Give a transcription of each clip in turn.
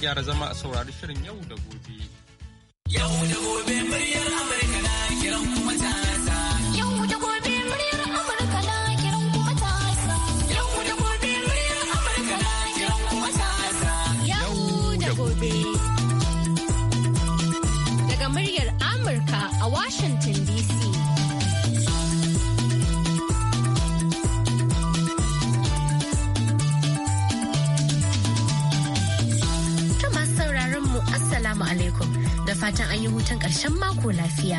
gyara zama a saurari shirin yau da gobe. Yau da gobe muryar Amurka na kiran kuma ta fatan an yi hutun ƙarshen mako lafiya.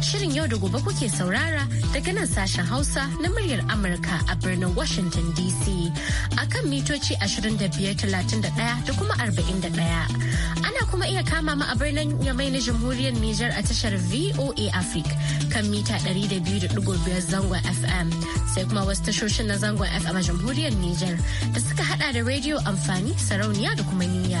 Shirin yau da gobe kuke saurara daga nan sashen Hausa na muryar Amurka a birnin Washington DC a kan mitoci 2531 da kuma 41. Ana kuma iya kama mu a birnin Yamai na Jamhuriyar Nijar a tashar VOA Africa kan mita 200.5 zangon FM sai kuma wasu tashoshin na zangon FM a Jamhuriyar Nijar da suka hada da rediyo amfani sarauniya da kuma niyya.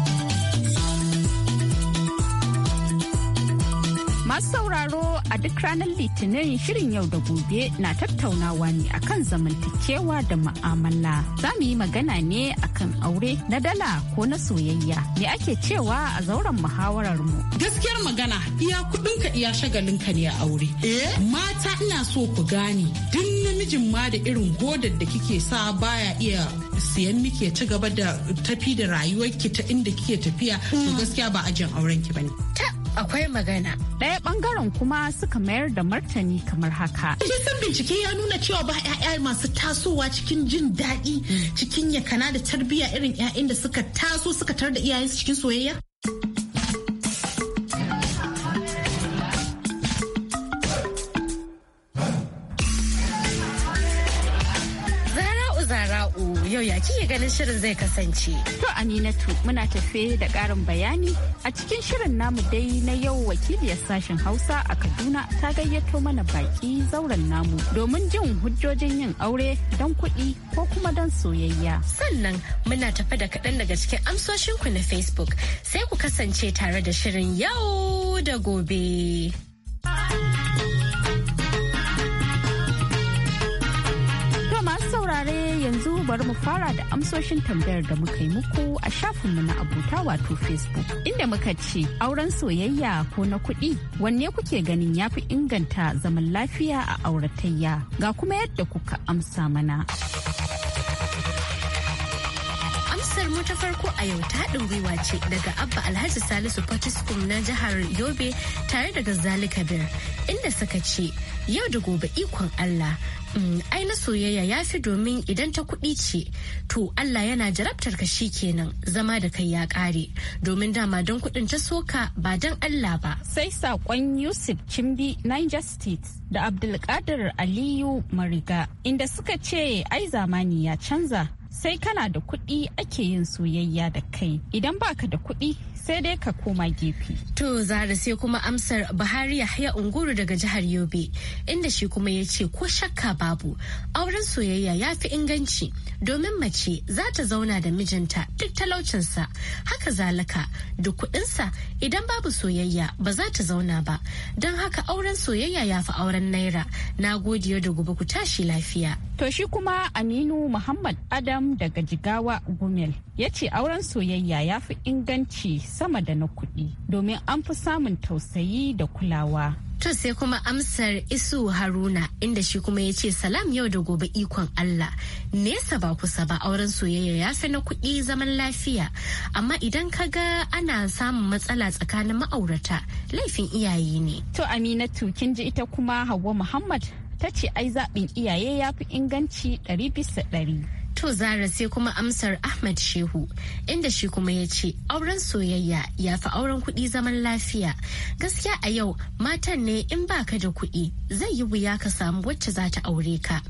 Masu sauraro a duk ranar Litinin shirin yau da gobe na tattaunawa ne akan zamantakewa da ma'amala. Za mu yi magana ne akan aure na dala ko na soyayya. Me ake cewa a zauren muhawarar mu? Gaskiyar magana iya kudinka iya shagalinka ne a aure. Eh? Mata ina so ku gane duk namijin ma da irin godar da kike sa baya iya siyan miki ya ci gaba da tafi da rayuwarki ta inda kike tafiya to hmm. gaskiya ba ajin auren ki bane akwai magana. Ɗaya ɓangaren kuma suka mayar da martani kamar haka. san bincike ya nuna cewa ba 'ya'ya masu tasowa cikin jin daɗi hmm. cikin yakana da tarbiyya irin 'ya'yan da suka taso suka tar da iyayensu cikin soyayya? yaki ya kike ganin shirin zai kasance. To Aminatu muna tafe da ƙarin bayani a cikin shirin namu dai na yau wakiliyar sashen Hausa a Kaduna ta gayyato mana baki zauren namu domin jin hujjojin yin aure don kuɗi ko kuma don soyayya. Sannan muna tafe da kaɗan daga cikin amsoshinku na Facebook sai ku kasance tare da shirin yau da gobe. bari mu fara da amsoshin tambayar da muka yi muku a shafinmu na abota wato Facebook. Inda muka ce auren soyayya ko na kuɗi wanne kuke ganin ya fi inganta zaman lafiya a auratayya ga kuma yadda kuka amsa mana. kasar mu ta farko a yau ta haɗin gwiwa ce daga Abba Alhaji Salisu Patiskum na jihar Yobe tare da zali Kabir inda suka ce yau da gobe ikon Allah. Mm, ai na soyayya ya fi domin idan ta kuɗi ce to Allah yana jarabtar ka shi kenan zama da kai ya ƙare domin dama don kuɗin ta soka ba don Allah ba. Sai saƙon Yusuf Kimbi Niger State da Abdulkadir Aliyu Mariga inda suka ce ai zamani ya canza sai kana da kuɗi ake yin soyayya da kai idan baka da kuɗi sai dai ka koma gefe. To zara sai kuma amsar Buhari ya haya Unguru daga jihar Yobe inda shi kuma ya ce ko shakka babu auren soyayya ya fi inganci domin mace za ta zauna da mijinta duk talaucinsa haka zalika duk kuɗinsa idan babu soyayya ba za ta zauna ba don haka auren soyayya ya fi auren naira na godiya da gobe ku tashi lafiya. To shi kuma Aminu Muhammad Adam daga Jigawa Gumel ya ce auren soyayya ya fi inganci sama da na kuɗi domin an fi samun tausayi da kulawa. To sai kuma amsar Isu Haruna inda shi kuma ya ce salam yau da gobe ikon Allah nesa ba kusa ba auren soyayya ya fi na kuɗi zaman lafiya amma idan ka ga ana samun matsala tsakanin ma'aurata laifin iyaye ne. To Aminatu kin ji ita kuma Hauwa Muhammad ta ce ai zaɓin iyaye ya fi inganci ɗari bisa ɗari. To zara sai kuma amsar Ahmad Shehu inda shi kuma ya ce auren soyayya ya fi auren kuɗi zaman lafiya. Gaskiya a yau matan ne in baka da kuɗi zai yi wuya ka samu wacce za ta aure ka.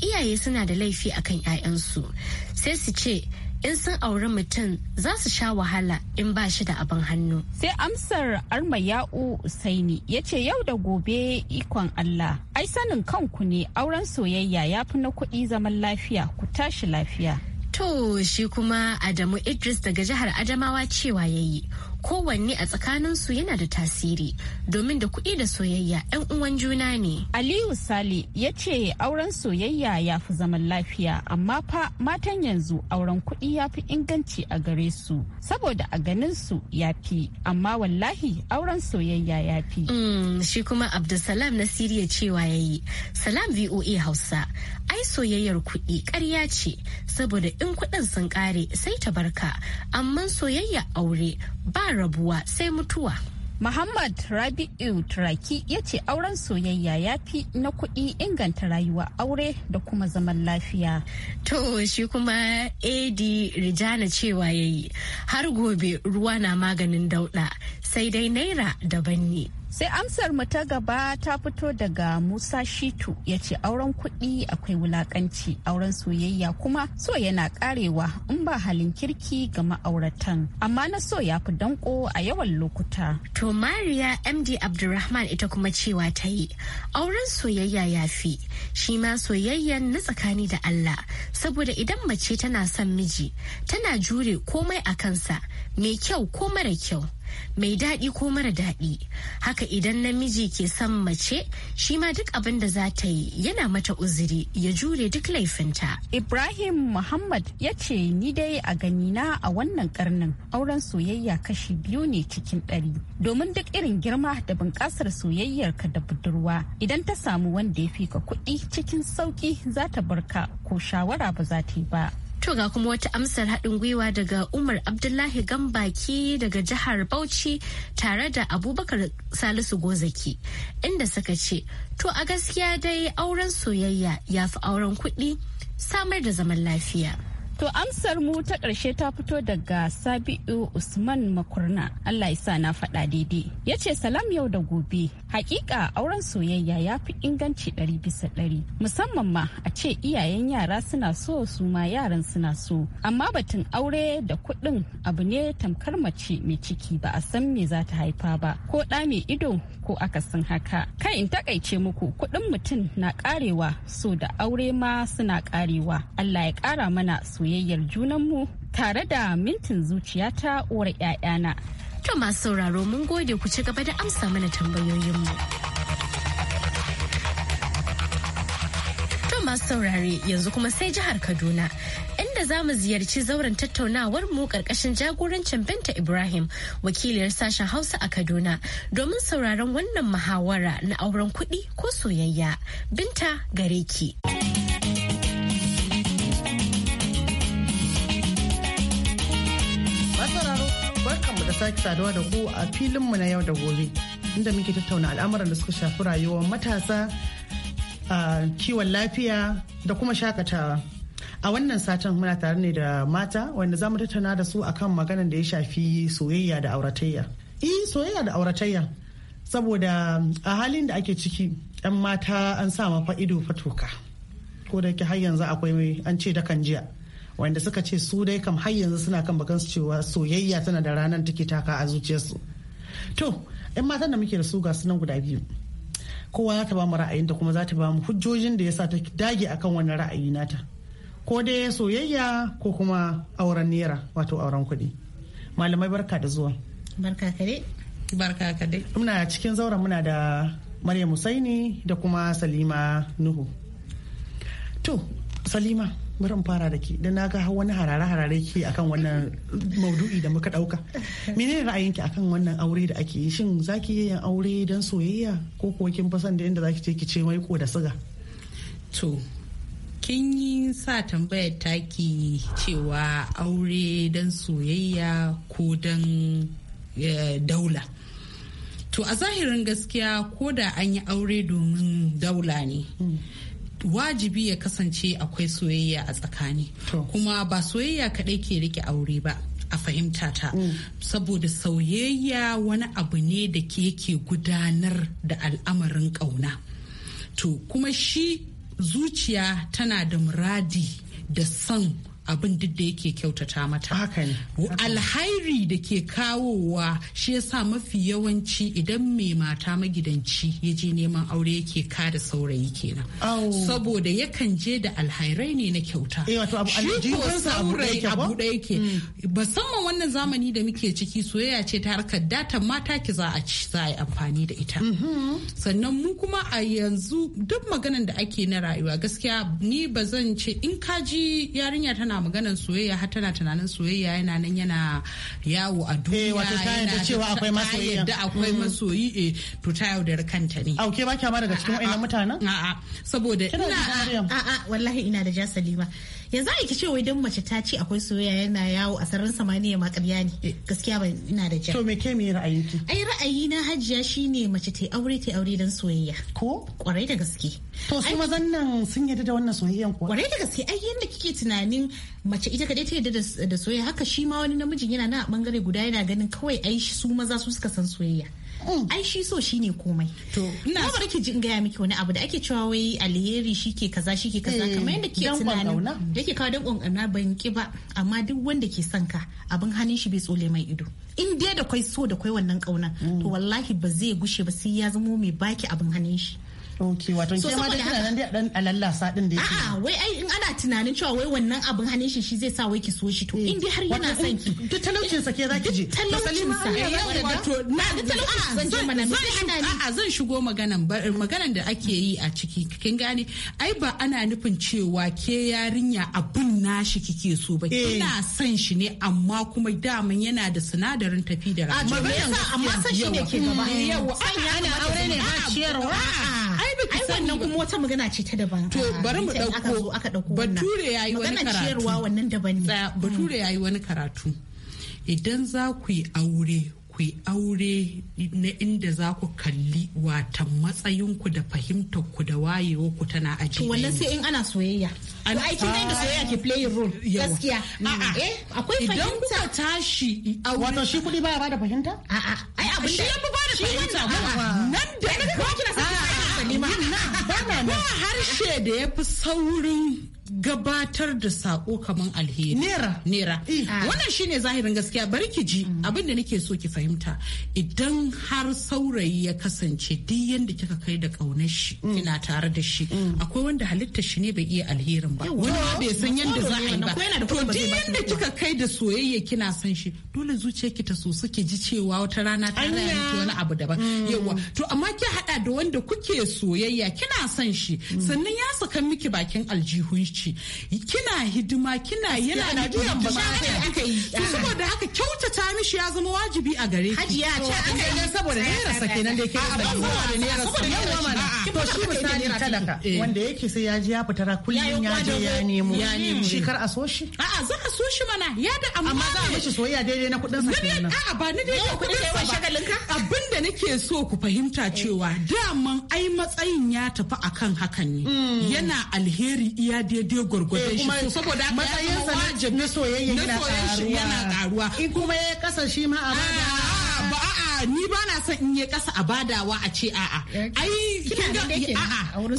Iyaye suna da laifi akan 'ya'yansu sai su ce in sun auri mutum za su sha wahala in ba shi da abin hannu. Sai amsar Armayau Saini ya ce yau da gobe ikon Allah. Ai sanin kanku ne auren soyayya ya fi na kuɗi zaman lafiya ku tashi lafiya. To shi kuma Adamu Idris daga jihar Adamawa cewa yayi. kowanne a tsakanin su yana da tasiri domin da kuɗi da soyayya ɗan uwan juna ne. Aliyu Sali ya ce auren soyayya ya fi zaman lafiya amma fa matan yanzu auren kuɗi ya fi inganci a gare su saboda a ganin su ya fi amma wallahi auren soyayya ya fi. Mm, shi kuma Abdulsalam na Siriya cewa ya yi Salam VOA Hausa ai soyayyar kuɗi ƙarya ce saboda in kuɗin sun ƙare sai ta barka amma soyayya aure ba rabuwa sai mutuwa. Muhammad Rabi'u Turaki ya ce auren soyayya ya fi na kuɗi inganta rayuwa aure da kuma zaman lafiya. To shi kuma AD Rijana cewa ya yi har gobe ruwa na maganin dauɗa sai dai naira daban ne. sai amsar mu ta gaba ta fito daga musa shitu ya ce auren kuɗi akwai wulakanci auren soyayya kuma so yana karewa in ba halin kirki ga ma'auratan amma na so ya fi danko a yawan lokuta to mariya md abdulrahman ita kuma cewa ta yi auren soyayya ya fi shi ma soyayyan na tsakani da allah saboda idan mace tana son miji tana jure komai a kansa mai kyau ko mara kyau mai daɗi ko mara daɗi haka idan namiji ke son mace shi ma duk abin da za ta yi yana mata uzuri ya jure duk laifinta ibrahim muhammad ya ce ni dai a ganina a wannan karnin auren soyayya kashi biyu ne cikin ɗari domin duk irin girma da bunƙasar soyayyar ka da budurwa idan ta samu wanda ya fi ka kuɗi cikin sauƙi za ta barka ko shawara ba za ta yi ba To ga kuma wata amsar haɗin gwiwa daga Umar Abdullahi Gambaki daga jihar Bauchi tare da Abubakar Salisu Gozaki inda suka ce, To a gaskiya dai auren soyayya ya fi auren kuɗi samar da zaman lafiya. To amsar mu ta ƙarshe ta fito daga Sabi'u Usman Makurna. Allah sa na faɗa daidai. Yace salam yau da gobe. Hakika auren soyayya ya fi inganci ɗari bisa ɗari. Musamman ma a ce iyayen yara suna so su ma yaran suna so. Amma batun aure da kuɗin abu ne tamkar mace mai ciki ba a san me za ta haifa ba. Ko ɗa mai ido ko akasin haka. Kai in takaice muku kuɗin mutum na ƙarewa so da aure ma suna ƙarewa. Allah ya ƙara mana soyayya. soyayyar mu tare da mintin zuciya ta uwar 'ya'yana. To masu sauraro mun gode ku ci gaba da amsa mana tambayoyinmu. To masu saurare yanzu kuma sai jihar Kaduna. inda za mu ziyarci zauren tattaunawar mu ƙarƙashin jagorancin Binta Ibrahim wakiliyar sashen Hausa a Kaduna domin sauraron wannan muhawara na auren kuɗi ko soyayya. Binta gare ki. sake saduwa da ku a filinmu na yau da gobe inda muke tattauna al'amuran da suka shafi rayuwar matasa a kiwon lafiya da kuma shakatawa a wannan satin muna tare ne da mata wanda za mu tattauna da su akan maganar da ya shafi soyayya da auratayya eh soyayya da auratayya saboda a halin da ake ciki 'yan mata an sa mafa ido fatoka ko da ke har yanzu akwai an ce dakan jiya wanda suka ce su dai kam har yanzu suna kan bakan su cewa soyayya tana da ranar take taka a zuciyarsu to in matan da muke da su ga sunan guda biyu kowa za ta ba mu ra'ayin ta kuma za ta ba mu hujjojin da yasa ta dage akan wannan ra'ayi nata ko dai soyayya ko kuma auren naira wato auren kuɗi malamai barka da zuwa barka dai barka dai muna cikin zauren muna da Maryam Musaini da kuma Salima Nuhu to Salima bari fara da ke da na ga wani harare-harare ke akan wannan maudu'i da muka dauka menene ra'ayinki akan wannan aure da ake yi shin zaki yi yin aure don soyayya ko kuwa kin fi son da inda zaki ce ki ce mai ko da siga to kin yi sa tambayar taki cewa aure don soyayya ko don eh, daula to a zahirin gaskiya ko da an yi aure domin daula ne hmm. wajibi ya kasance akwai soyayya a tsakani kuma ba soyayya kaɗai ke rike aure ba a fahimta ta mm. saboda soyayya wani abu ne da ke yake gudanar da al'amarin ƙauna to kuma shi zuciya tana da muradi da son abin duk da yake kyautata mata alhairi da ke kawowa shi ya sa mafi yawanci idan mai mata magidanci ya je neman aure yake kada saurayi kenan saboda yakan je da alhairai ne na kyauta eh, shi ko saurayi abu da yake hmm. musamman wannan zamani da muke ciki soyayya ce ta harkar data mata ki za a ci za a yi amfani da ita mm-hmm. sannan mu kuma a yanzu duk maganan da ake na rayuwa gaskiya ni ba zan ce in kaji yarinya tana muna maganan soyayya har tana tunanin soyayya yana nan yana yawo a duniya eh wato ta yadda cewa akwai masoyi yadda akwai mm. masoyi eh to ta yaudar kanta ne auke ba kya ma daga cikin wayannan mutanen a'a saboda ina a'a wallahi ina da ja salima yanzu a ki ce wai don mace ta ce akwai soyayya yana yawo a sararin samaniya ma ƙarya ne eh. gaskiya ba ina da ja to me ke me ra'ayi ki ai ra'ayi na hajiya shine mace ta aure ta aure don soyayya ko kwarai da gaske to su mazan nan sun yarda da wannan soyayyan ko kwarai da gaske ai yanda kike tunanin mace ita kadai ta yadda da soyayya haka shi ma wani namijin yana nan a bangare guda yana ganin kawai ai su maza su suka san soyayya mm. ai shi so ne komai to ina so kake jin gaya miki wani abu da ake cewa wai alheri shike kaza shike kaza eh, kamar yadda ke tunanin yake kawo dan kankana ban ki ba amma duk wanda ke son ka abin hannun shi bai tsole mai ido in dai da kwai so da kwai wannan kauna mm. to wallahi ba zai gushe ba sai ya zamo mai baki abin hannun shi okay wato ke ma da nan dai dan alallasa din da yake a'a wai ai in ana tunanin cewa wai wannan abin hannun shi shi zai sa wai ki so shi to eh, in dai har yana son ki duk talaucin sa ke zaki je talaucin sa wato na duk talaucin zan je mana ni a'a zan shigo maganan maganan da ake yi a ciki kin gane ai ba ana nufin cewa ke yarinya abin nashi kike so ba eh. kina son shi ne amma kuma daman yana da sinadarin tafi da rayuwa amma san shi ne ke gaba yawa ana aure ne ba ciyarwa baki wannan kuma wata magana ce ta daban to bari mu dauko aka dauko bature yayi wani karatu ciyarwa wannan daban ne bature yayi wani karatu idan za ku yi aure ku yi aure na inda za ku kalli watan matsayinku da fahimtarku da wayewarku tana aji wannan sai in ana soyayya to ai kin da soyayya ke playing role ah, gaskiya mm, eh akwai fahimta idan kuka tashi aure. wato shi kudi baya bada fahimta a'a ai abin da shi ya bada fahimta nan da kina sa ni ma ba na harshe da ya fi saurin gabatar da sako kamar alheri nera nera eh. ah. wannan shine zahirin gaskiya bari ki ji mm. abin da nake so ki fahimta idan har saurayi ya kasance duk yanda kika kai da kaunar shi mm. kina tare da shi mm. akwai wanda halitta shi ne bai iya alherin ba wani ma bai san yanda za a yi ba to duk yanda kika kai da soyayya kina san shi dole ki ta soso ki ji cewa wata rana ta rayu wani abu daban yawa to amma ki haɗa da wanda kuke soyayya kina san shi sannan ya saka miki bakin aljihun zuci kina hidima kina yana biyan ba saboda haka kyautata mishi ya zama wajibi a gare ki hajiya ce aka yi saboda ne rasa kenan da ke da ne saboda ne sa yawa mana to shi misali daka eh. wanda yake sai ya ji ya fitara kullum ya je ya nemo shi kar a so shi a'a za a so shi mana ya da amma za a mishi soyayya daidai na kudin sa kenan a ba ni daidai kudin sa ba shagalinka abinda nake so ku fahimta eh. cewa daman ai matsayin ya tafi akan hakan ne hmm. yana alheri iya daidai daidai gwargwadon eh, shi saboda matsayinsa wajib na soyayya yana karuwa in kuma ya kasa shi ma a ah, ah, ba a ah, ni ba na son in ya kasa a badawa a ce a'a ai kin ga a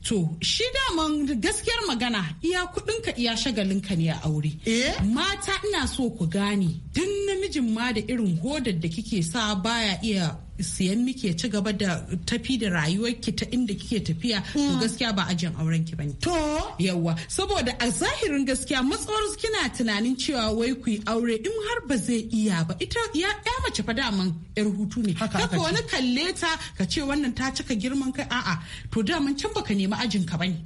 To, shi daman gaskiyar magana iya kudinka iya shagalinka ne a aure. Eh? Mata ina so ku gane, duk namijin ma da irin hodar da kike sa baya iya siyan miki ya ci gaba da tafi da rayuwarki ta inda kike tafiya to hmm. gaskiya ba ajin auren ki bane to yawa saboda a zahirin gaskiya matsawar kina tunanin cewa wai ku aure in har ba zai iya ba ita ya ya mace fa daman yar hutu ne kaka wani kalle ta ka ce wannan ta cika girman kai a'a to daman can baka nemi ajin ka bane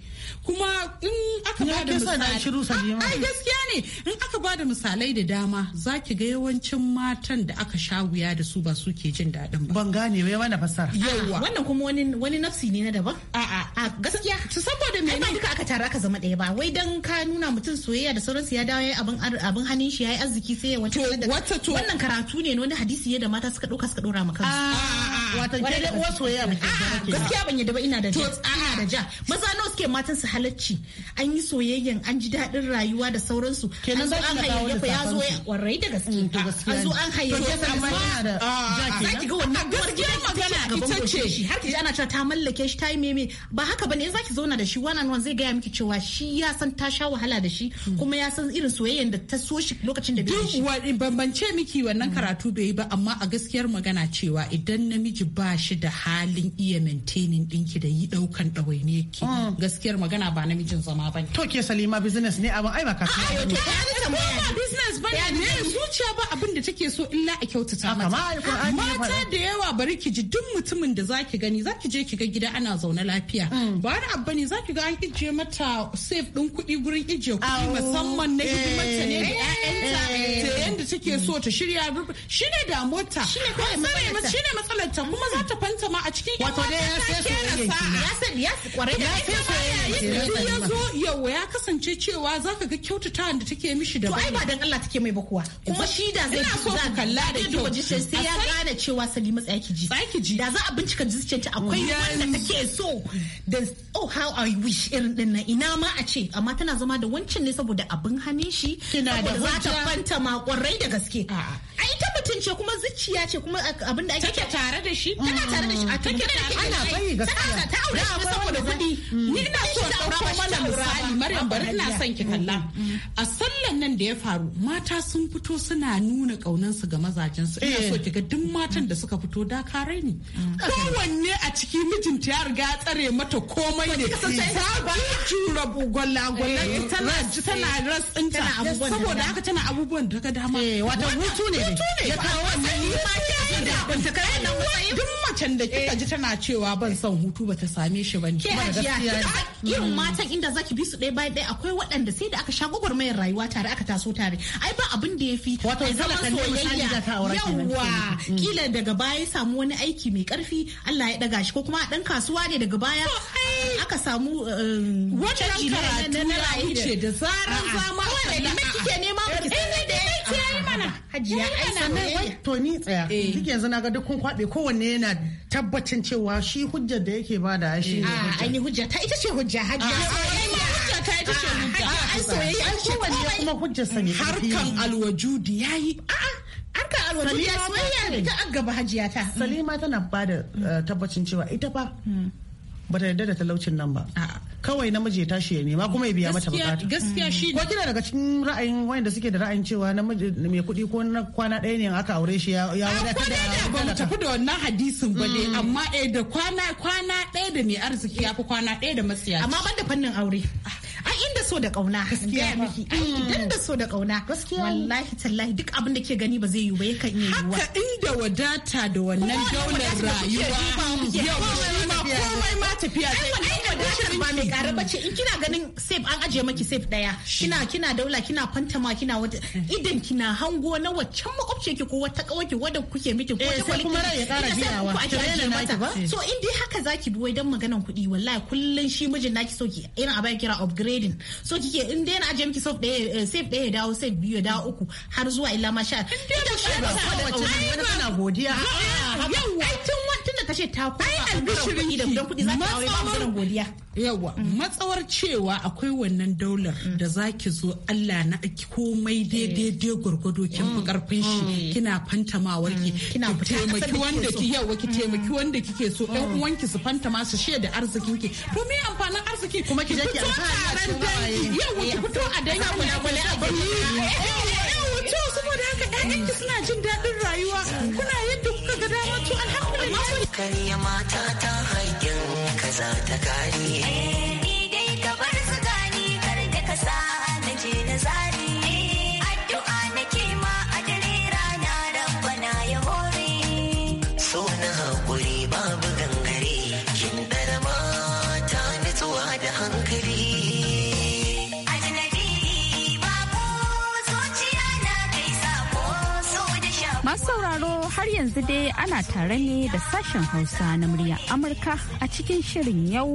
kuma in aka ba da misalai. ai gaskiya ne in aka ba da misalai da dama zaki ga yawancin matan da aka sha wuya da su ba su ke jin daɗin ba ban gane bai mana fasara yawa wannan kuma wani wani nafsi ne na daban a a gaskiya su saboda me ne duka aka tara aka zama ɗaya ba wai dan ka nuna mutum soyayya da sauransu ya dawo yayi abin abin hannun shi yayi arziki sai ya wata wannan karatu ne wani hadisi ne da mata suka dauka suka dora maka Watan ke dai uwar soyayya muke ke. Ah, gaskiya ban yadda ba ina da ja. Ina da ja. Maza nawa suke matan su halacci. An yi soyayyan an ji daɗin rayuwa da sauransu. Kenan za an na dawo ya zo ya kwarai da gaske. Mm, an zo an hayayyafa. Ah, za ki ga wannan gaskiya magana ita ce. Har ki ana cewa ta mallake shi ta yi meme ba haka bane in zaki zauna da shi wannan wan zai gaya miki cewa shi ya san ta sha wahala da shi mm. kuma ya san irin soyayyar da ta so shi lokacin da bai shi. Duk bambance miki wannan mm. karatu bai yi ba amma a gaskiyar magana cewa idan namiji ki ba shi da halin iya maintaining ɗinki da yi ɗaukan ɗawainiyar ki hmm. gaskiyar magana ba namijin zama ba to ke salima business ne abin ai ba ka san to business ba ne zuciya ba abin da take so illa a kyautata mata mata da yawa bari ki ji duk mutumin da zaki gani zaki je ki ga gida ana zaune lafiya hmm. ba wani abu ne zaki ga an ije mata safe din kuɗi gurin ije kuɗi musamman na hidimarta ne da eh. ƴaƴanta ta yanda take so ta shirya shi ne mota. shi ne matsalar ta kuma za ta fanta ma a cikin yan mata ta kera sa'a ya sai ya kwarai da ya san ya zo yawa ya kasance cewa za ka ga kyautata da take mishi da to ai ba dan Allah take mai ba kuwa kuma shi da zai so ku kalla da kyau sai ya gane cewa Salima tsaki ji tsaki ji da za a bincika ta akwai wanda take so da oh how i wish irin din nan ina ma a ce amma tana zama da wancan ne saboda abin hannun shi kina da za ta fanta ma kwarai da gaske a'a. a ita mutunce kuma zuciya ce kuma abin da ake tare da shi shi tana tare da shi a kake da shi ana bai gaskiya ta aure shi saboda kuɗi ni ina so ta aure mana misali maryam bari ina son ki kalla a sallan nan da ya faru mata sun fito suna nuna su ga mazajen su ina so eh. kiga duk matan da suka fito dakarai ne mm. kowanne a ciki mijinta ya riga tsare mata komai ne ta jura gwalla eh, tana ras eh. ta saboda haka tana abubuwan da ka dama wato hutu ne ya kawo wannan ni ma yi da ban ta kai nan duk macen da kika eh. ji tana cewa ban son hutu ba ta same shi ba ne. Mm. irin matan inda zaki bi su ɗaya bayan ɗaya akwai waɗanda sai da aka sha gwagwarmayar rayuwa tare aka taso tare. Ai ba abin da ya fi. Wato zama soyayya. Yawwa mm. kila daga baya ya samu wani aiki mai ƙarfi? Allah ya ɗaga shi ko kuma ɗan kasuwa ne daga baya. Aka samu um, canji na rayuwa. Wannan karatu ya wuce da zaran zama. Kawai da kike nema ba ki eh, hajiya eh, ai sannan to ni tsaya eh. kike yanzu na ga duk kun kwabe kowanne yana tabbacin cewa shi hujjar da yake bada shi ne ah, a ai hujja ta ita ce hujja hajiya ah, ah, ta ita ce hujja ai soyayya ai kowanne kuma hujjar sa ne harkan alwajudi yayi a'a harkar alwajudi soyayya ta gaba hajiya ta salima tana bada eh, tabbacin cewa ita ba. Bata ta yarda da talaucin nan ba kawai namiji ya tashi ya nema kuma ya biya mata bukata gaskiya shi ko kina daga cikin ra'ayin wanda suke da ra'ayin cewa namiji mai kuɗi ko na kwana ɗaya ne aka aure shi ya wadata da ba mu tafi da wannan hadisin ba ne mm. amma eh da kwana kwana ɗaya da mai arziki ya fi kwana ɗaya da masiya amma ban da fannin aure ah, a inda so da kauna gaskiya miki mm. idan da so da kauna gaskiya wallahi tallahi duk abin da ke gani ba zai yi ba yakan yi yiwuwa haka inda wadata da wannan daular rayuwa komai ma tafiya zai wadatar ba mai ƙara bace in kina ganin safe an ajiye maki safe daya kina kina daula kina fantama kina wata idan kina hango na waccan ki ko wata kawaki wadda kuke miki ko eh, kuma rai ya ƙara biyawa so in dai haka zaki bi wai dan maganan kuɗi wallahi kullun shi mijin naki so ki irin a kira upgrade trading so kike in dai na ajiye miki save ɗaya eh, safe ɗaya ya dawo safe biyu ya dawo uku har zuwa illa masha. Kin dai da shi ba kowace wani kana godiya. Yau ta ce ta koma albishirin ki don kuɗi za ta aure ba godiya yawa mm. matsawar cewa akwai wannan daular mm. da za ki zo Allah na komai daidai daidai eh. gwargwado kin fi karfin mm. shi kina fantamawar ki kina taimaki wanda ki yawa ki taimaki wanda kike so ɗan uwanki su fantama su shaida arzikin ki to me amfanin arziki kuma ki je ki alfahari yawa ki eh, fito a dangi kula kula a gani eh, yawa to saboda haka ki suna jin daɗin rayuwa kuna yadda karya mata ta haƙin ka za ta kare. Eh, ni dai ka bar su gani kar da ka sa na je na zari. Eh, addu'a nake ma a na rana rabbana ya hori. So na haƙuri ba har yanzu dai ana tare ne da sashen Hausa na murya Amurka a cikin shirin yau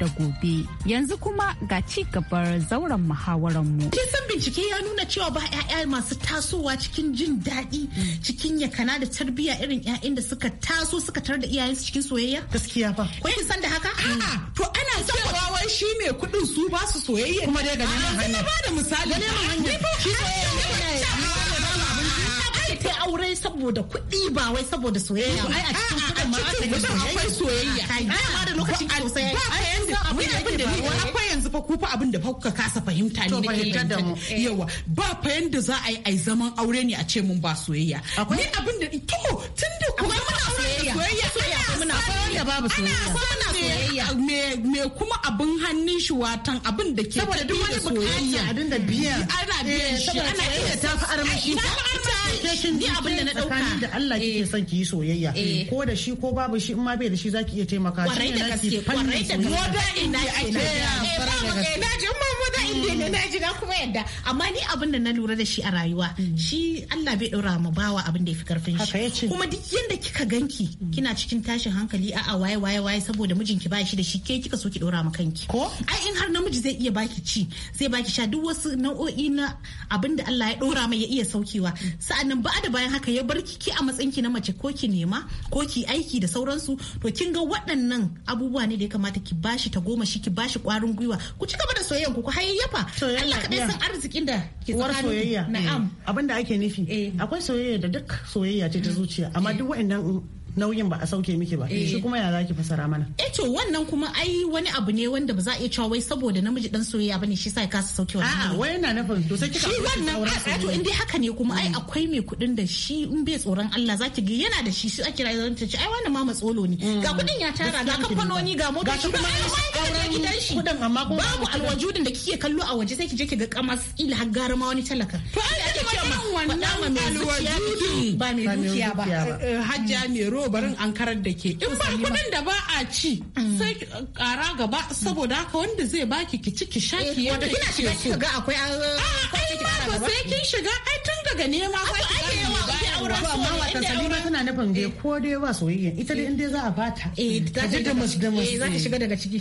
da gobe. Yanzu kuma ga ci gabar zauren muhawaranmu. mu san bincike ya nuna cewa ba 'ya'ya masu tasowa cikin jin daɗi cikin yakana da tarbiyya irin 'ya'yan da suka taso suka tar da iyayensu cikin soyayya? Gaskiya ba. Ko san da haka? Mm. to ana cewa wai shi ne kuɗin su ba su soyayya. Kuma dai ga nan hanya. Ba da misali. ne hanya. ta aure saboda kuɗi ba wai saboda soyayya ba ai a cikin kuɗin ma aka yi soyayya soyayya ai ma da lokacin ki kasa fahimta ne eh. ba fa za a yi ai zaman aure ne a ce mun ba soyayya ni abin da to tunda kuma muna soyayya soyayya akwai wanda babu soyayya ana soyayya me kuma abin hannun shi watan abin da ke saboda duk wani bukata a dinga biya ana eh, biya shi ana iya ta armashi eh, ta ni abin da na dauka tsakanin da Allah yake eh. son ki soyayya ko da shi ko babu shi in ma bai da shi zaki iya taimaka shi ne nake fanni ko da ina ake na je mu ne ne na ji na kuma yadda amma ni abin da na lura da shi a rayuwa mm. shi Allah bai daura ma bawa abin da ya fi karfin shi kuma duk yanda kika ganki mm. kina cikin tashin hankali a'a waye waye waye saboda mijinki ba shi da shi ke kika so ki daura ma kanki ko ai in har namiji zai iya baki ci zai baki sha duk wasu nau'o'i na abin da Allah ya daura mai ya iya saukewa mm. sa'annan ba da bayan haka ya bar ki a matsayin ki na mace ko ki nema ko ki aiki da sauransu to kin ga waɗannan abubuwa ne da ya kamata ki bashi ta goma shi ki bashi kwarin gwiwa ku ci gaba da soyayyan ku soyayya fa Allah kadai san arzikin da ke soyayya na'am abinda ake nufi eh. akwai soyayya da duk soyayya ce ta zuciya amma eh. duk waɗannan nauyin ba a sauke miki ba eh. shi kuma ya zaki fasara mana eh to wannan kuma ai wani abu ne wanda ba za a iya cewa wai saboda namiji dan soyayya bane shi sa ya kasa sauke wannan a'a wai yana nufin to sai kika shi wannan a to in haka ne kuma ai mm. akwai mai kudin da shi in bai tsoron Allah zaki ga yana da shi shi a kira ta ce ai wannan ma matsolo ne mm. ga kudin ya tara ga kamfanoni ga mota shi kuma gidan shi kudin amma kuma babu alwajudin da kike kallo a waje sai ki je ki ga kamas ila har gara ma wani talaka to ai ake ma wannan alwajudin ba mai dukiya ba eh, hajja mai yo barin an karar da ke in ba kudin da ba a ci mm. sai kara uh, gaba saboda haka wanda zai baki ki ciki shaki eh, yadda kina shiga kika ga akwai a sai kin shiga ai tun daga nema ba ki to wa watan salima tana nufin dai eh. ko dai ba soyayya ita dai eh. in dai za a bata eh ta ji da musu da musu eh, za ta shiga daga ciki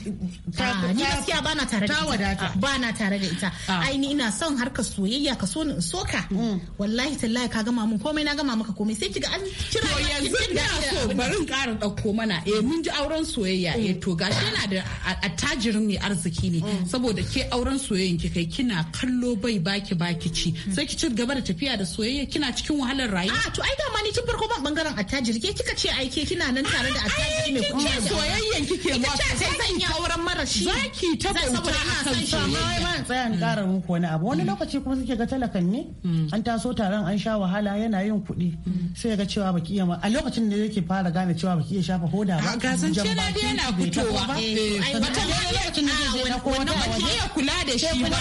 ah, ni gaskiya ba na tare da ita ah, ba na tare da ita ah. ai ni ina son harkar soyayya ka so ni in soka mm. wallahi tallahi ka gama mun komai na gama maka komai sai kiga an kira to yanzu ina so bari in ƙara dauko mana eh mun ji auren soyayya eh to gashi yana da attajirin mai arziki ne mm. saboda ke auren soyayyan ki kai kina kallo bai baki baki ci mm. sai ki ci gaba da tafiya da soyayya kina cikin wahalar rayuwa to ai dama ni tun farko ban bangaren attajiri ke kika ce ai ke kina nan tare da attajiri ne kuma soyayyen kike ma ta sai zan yi auren marashi. zaki ta bauta a kan shi amma ma tsaya in ƙara muku wani abu wani mm. lokaci kuma suke ga talakan ne mm. an taso taron an sha wahala yana yin kuɗi mm. sai ga cewa baki iya a lokacin da yake fara gane cewa baki iya shafa hoda ba ah, ga san ce na dai yana fitowa ba eh, ta lokacin da zai na ah, ko wata eh, baki iya kula da shi ba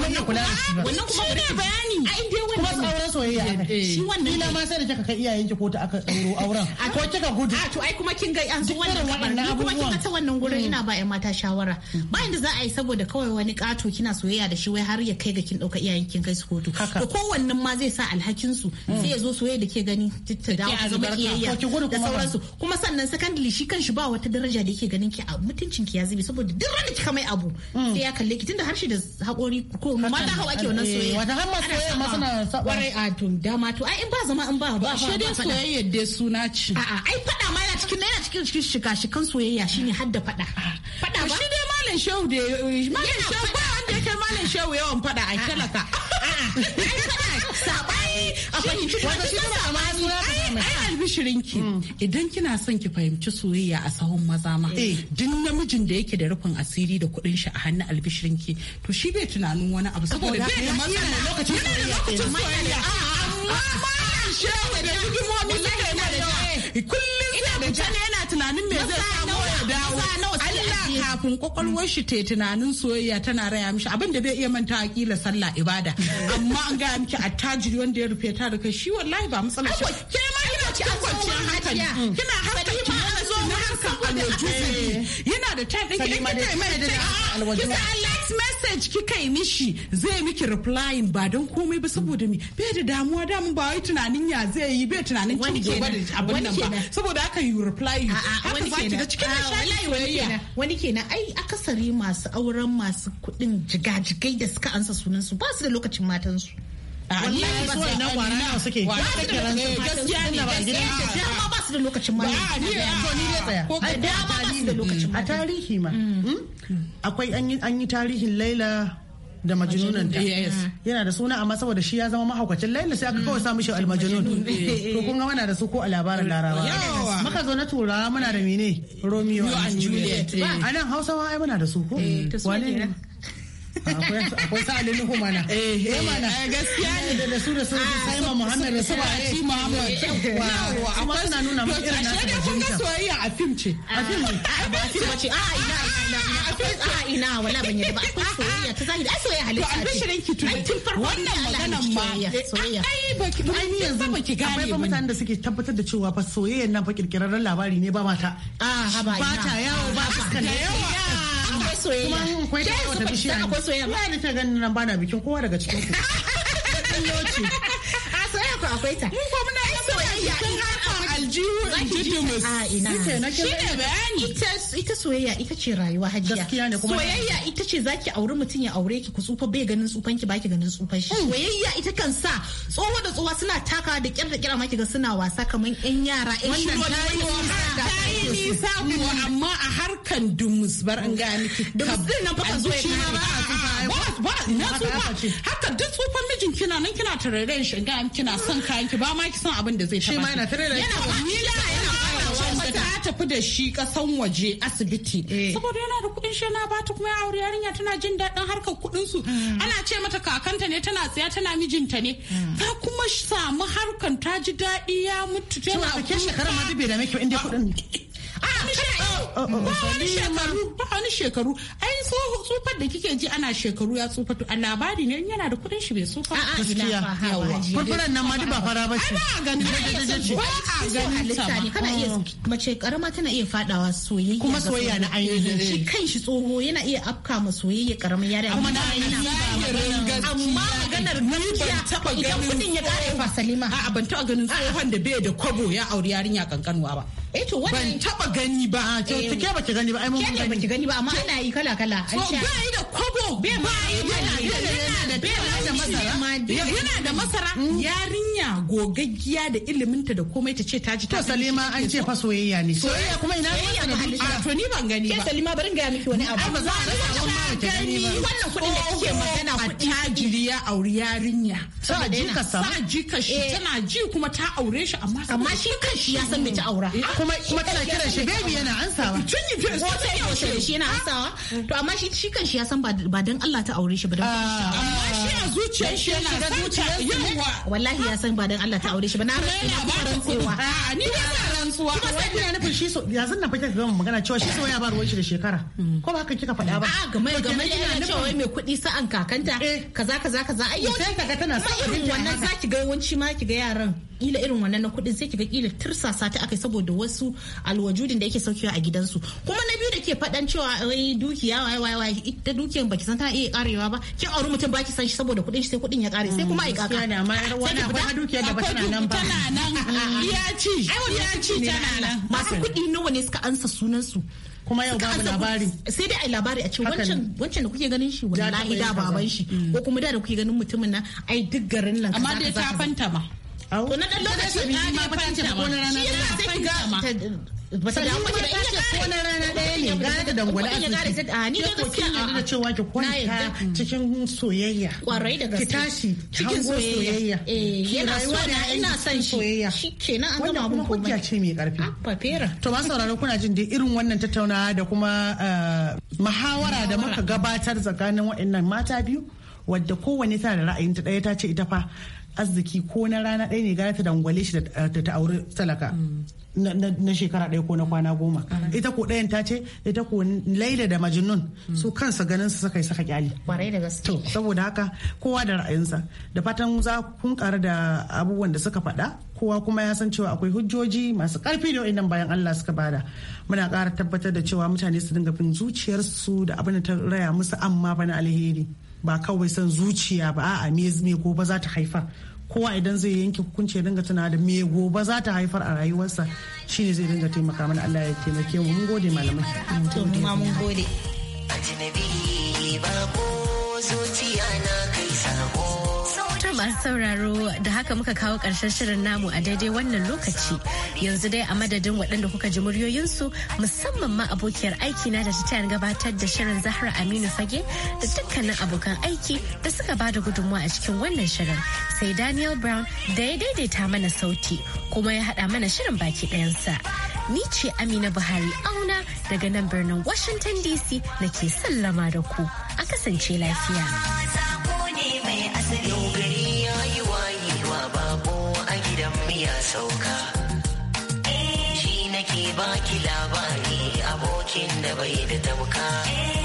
wannan kuma ba bayani a inda wannan kuma sauran soyayya eh, shi wannan sai da kika kai ki ko ta aka ɗauro auren ko kika gudu a to ai kuma kin ga an wannan wannan gabar ni kuma kin ga ta wannan gurin mm. ina ba ƴan mata shawara mm. ba inda za a yi saboda kawai wani kato kina soyayya da shi wai har ya kai ga kin ɗauka iyayen kin kai su kotu to kowannen ma zai sa alhakin su mm. sai ya zo soyayya da ke gani titta da ta zama kiyayya da sauransu kuma sannan secondly shi kanshi ba wata daraja da yake ganin ki a mutuncin ki ya zubi saboda duk ranar kika mai abu sai ya kalle ki tunda harshe da hakori ko mata hawa ke wannan soyayya wata har ma soyayya ma suna kwarai a to dama to ai in ba zama in ba ba ba ba soyayya dai suna ce a'a ai fada ma yana cikin yana cikin shika shikan soyayya shine har da fada fada ba shi dai malam shehu da eh, malam shehu ba wanda yake kai malam shehu yawan fada a talaka albishirinki idan kina son ki fahimci soyayya a sahun maza ma eh. duk namijin da yake da rufin asiri da kuɗin shi a hannun albishirinki to shi bai tunanin wani abu saboda bai da lokacin soyayya shehu da hikimomi suka yi mana ja kullum sai mutum yana tunanin me zai samu ya dawo Allah kafin kwakwalwar shi ta tunanin soyayya tana raya mishi abin da bai iya manta kila sallah ibada amma an gaya miki attajiri wanda ya rufe ta da kai shi wallahi ba matsala shi ke ma kina cikin kwanciyar hankali kina mm. hankali ma an zo harkan alwaju yana da time din ki in kita mai da kisa text message kika yi mishi zai miki replying ba don komai ba saboda mi bai da damuwa mun ba wai tunanin ya zai yi bai tunanin cin gobe da abin nan ba saboda haka you reply you haka ba ki da cikin nishadi soyayya wani kenan ai akasari masu auren masu kuɗin jigajigai da suka ansa sunan su ba su da lokacin matan su su su eh, gaskiya gidan da lokacin a tarihi ma mm. hmm? akwai an yi tarihin Laila da majununan hmm. yana da suna amma saboda shi ya zama mahaukacin laila sai aka mm. kawai samu shi Almajinun. Eh. to kun ga muna da su ko a labarin larabawa muka zo na turawa muna da mene romeo and juliet eh. a nan hausawa ai muna da su ko wani akwai sa Ali Nuhu mana eh, eh mana eh, gaskiya ne da su da su ah, Saima Muhammad da su ci Muhammad yawa akwai suna nuna mu irin nasu da kun ga soyayya a film ce a ah, film ne ah, ba film ce a ina ina ina akwai a ina wala ban yadda ba akwai soyayya ta zahiri ai soyayya halitta ce to albishirin ki tuni tun farko wannan maganan ma eh, soyayya ai ba ki ba ni yanzu ba ki gane ba mutanen da suke tabbatar da cewa fa soyayyan nan fa kirkirarren labari ne ba mata a ba ta yawo ba fuskanta yawa soyayya. Kuma akwai ta wata bishiya. Da akwai soyayya. Ba ni ta ganin nan bana bikin kowa daga cikin ku. A soyayya ku akwai ta. Mun ko muna soyayya. ji jidda mu ah, shine bayani ita soyayya ita ce rayuwa hajiya gaskiya ne kuma soyayya ita ce zaki auri mutum ya aure ki ku tsufa bai ganin tsufan ki baki ganin tsufan shi hmm. soyayya ita kan sa tsoho da tsohuwa suna taka da kyar da kyar ma kiga suna wasa kaman yan yara yan shi tayi nisa ko amma a harkan dumus bar an ga miki dumus din nan fa ka zo ya ba na tsufa haka duk tsufan mijin kina nan kina tarare shi ga kina son kayan ki ba ma ki son abin da zai taba shi ma yana tarare yana jamila yana farawa ta tafi da shi kasan waje asibiti eh. saboda yana da kuɗin shi ba bata kuma ya aure yarinya tana jin daɗin harkar kuɗin su hmm. ana ce mata kakanta ne tana tsaya tana mijinta ne hmm. ta kuma samu harkan ta ji daɗi ya mutu tana kuma shekara ma da mai inda kuɗin ba wani shekaru wani shekaru ai tsufar da kike ji ana shekaru ya tsufa a labari ne yana da kudin shi bai tsufa gaskiya furfuran nan ma ba fara ba ce ba a ta kana iya oh. mace karama tana iya fadawa soyayya kuma soyayya na ainihin shi kan shi tsoho yana iya afka ma soyayya karamin yare amma na amma maganar gaskiya idan kudin ya kare fasalima a'a ban taɓa ganin tsohon da bai da kwabo ya auri yarinya kankanuwa ba Eto eh, to wannan ban taba gani ba to take eh, ba ki gani ba ai mun gani ba ki gani ba amma ana yi kala kala an sha ba da kobo ba yi da yana da masara yana da masara yarinya gogaggiya da ta da komai ta ce ta ji ta salima an ce fa soyayya ne soyayya kuma ina ne a to ni ban gani ba ke salima bari ga miki wani abu ba za a rasa amma ta gani ba wannan kudin da kike magana ku jiriya auri yarinya sa jika sa jika shi tana ji kuma ta aure shi amma amma shi kan shi ya san me ta aura eh, kuma kuma tana kiran shi baby yana ansawa tun yi tun yi yaushe da shi yana ansawa to amma shi shi kan shi ya san ba dan Allah ta aure shi ba dan ah. amma shi a zuciyar shi yana da zuciyar wallahi ya san ba dan Allah ta aure shi ba na rantsewa ni ba rantsuwa kuma sai kina nufin shi so yanzu na fake ga magana cewa shi so ya ba ruwan shi da shekara ko ba haka kika faɗa ba a game game nufin cewa mai kuɗi sa'an kakanta eh. kaza kaza kaza ai sai kaga tana sa irin wannan zaki ga yawanci ma ki ga yaran kila irin wannan na kuɗin sai ki ga kila tirsasa ta akai saboda wasu alwajudin da yake saukewa a gidansu kuma na biyu da ke fadan cewa wai dukiya wai wai wai ita dukiyan baki san ta iya karewa ba ke auri mutum baki san shi saboda kuɗin shi sai kuɗin ya kare sai kuma ai kaka sai ma wani akwai dukiyar da ba tana nan ba tana nan mm. iya ci iya ci tana nan masu kudi nawa ne suka ansa sunan su kuma yau babu labari sai dai ai labari a ce wancan wancan da kuke ganin shi wallahi da baban shi mm. ko kuma da da kuke ganin mutumin nan ai duk garin nan amma dai ta fanta ma to na dan lokacin ba ta ce ko na rana ɗaya ba ta damu ba ta ce ko na rana ɗaya ne gane da dangwale asibiti ni da gaskiya a cewa ki kwanta hmm. cikin soyayya kwarai da gaske ki tashi cikin soyayya eh yana so na ina son shi shikenan an gama mun komai ce mai karfi ah, ba to ba sauraron kuna jin dai irin wannan tattaunawa da kuma eh, muhawara da muka gabatar tsakanin waɗannan mata biyu wadda kowanne tana da ra'ayinta ɗaya ta ce ita fa arziki ko na rana ɗaya ne gara ta dangwale shi da eh, ta aure talaka mm. na shekara ɗaya ko na kwana goma mm. ita ko ɗayan ta ce ita ko laila da majnun mm. su kansa ganin su saka saka kyali to saboda haka kowa da ra'ayinsa da fatan za kun ƙara da abubuwan da suka faɗa kowa kuma ya san cewa akwai hujjoji masu ƙarfi da wa'annan bayan Allah suka bada muna kara tabbatar da cewa mutane su dinga bin zuciyarsu da abin da ta raya musu amma bana alheri ba kawai san zuciya ba a'a me me gobe za ta haifar kowa idan zai yanke hukunci ya dinga tuna da me gobe za ta haifar a rayuwarsa shine zai dinga taimaka mana Allah ya taimake mu mun gode malamai mun gode zuciya masu sauraro da haka muka kawo ƙarshen shirin namu a daidai wannan lokaci yanzu dai a madadin waɗanda kuka ji muryoyinsu musamman ma abokiyar aiki na da ta gabatar da shirin Zahra Aminu Fage da dukkanin abokan aiki da suka ba da gudunmuwa a cikin wannan shirin sai Daniel Brown da ya daidaita mana sauti kuma ya haɗa mana shirin baki ɗayansa. ni ce Amina Buhari auna daga nan birnin Washington DC nake sallama da ku a kasance lafiya. sauka. Eh, shi nake baki labari abokin da bai da tauka eh,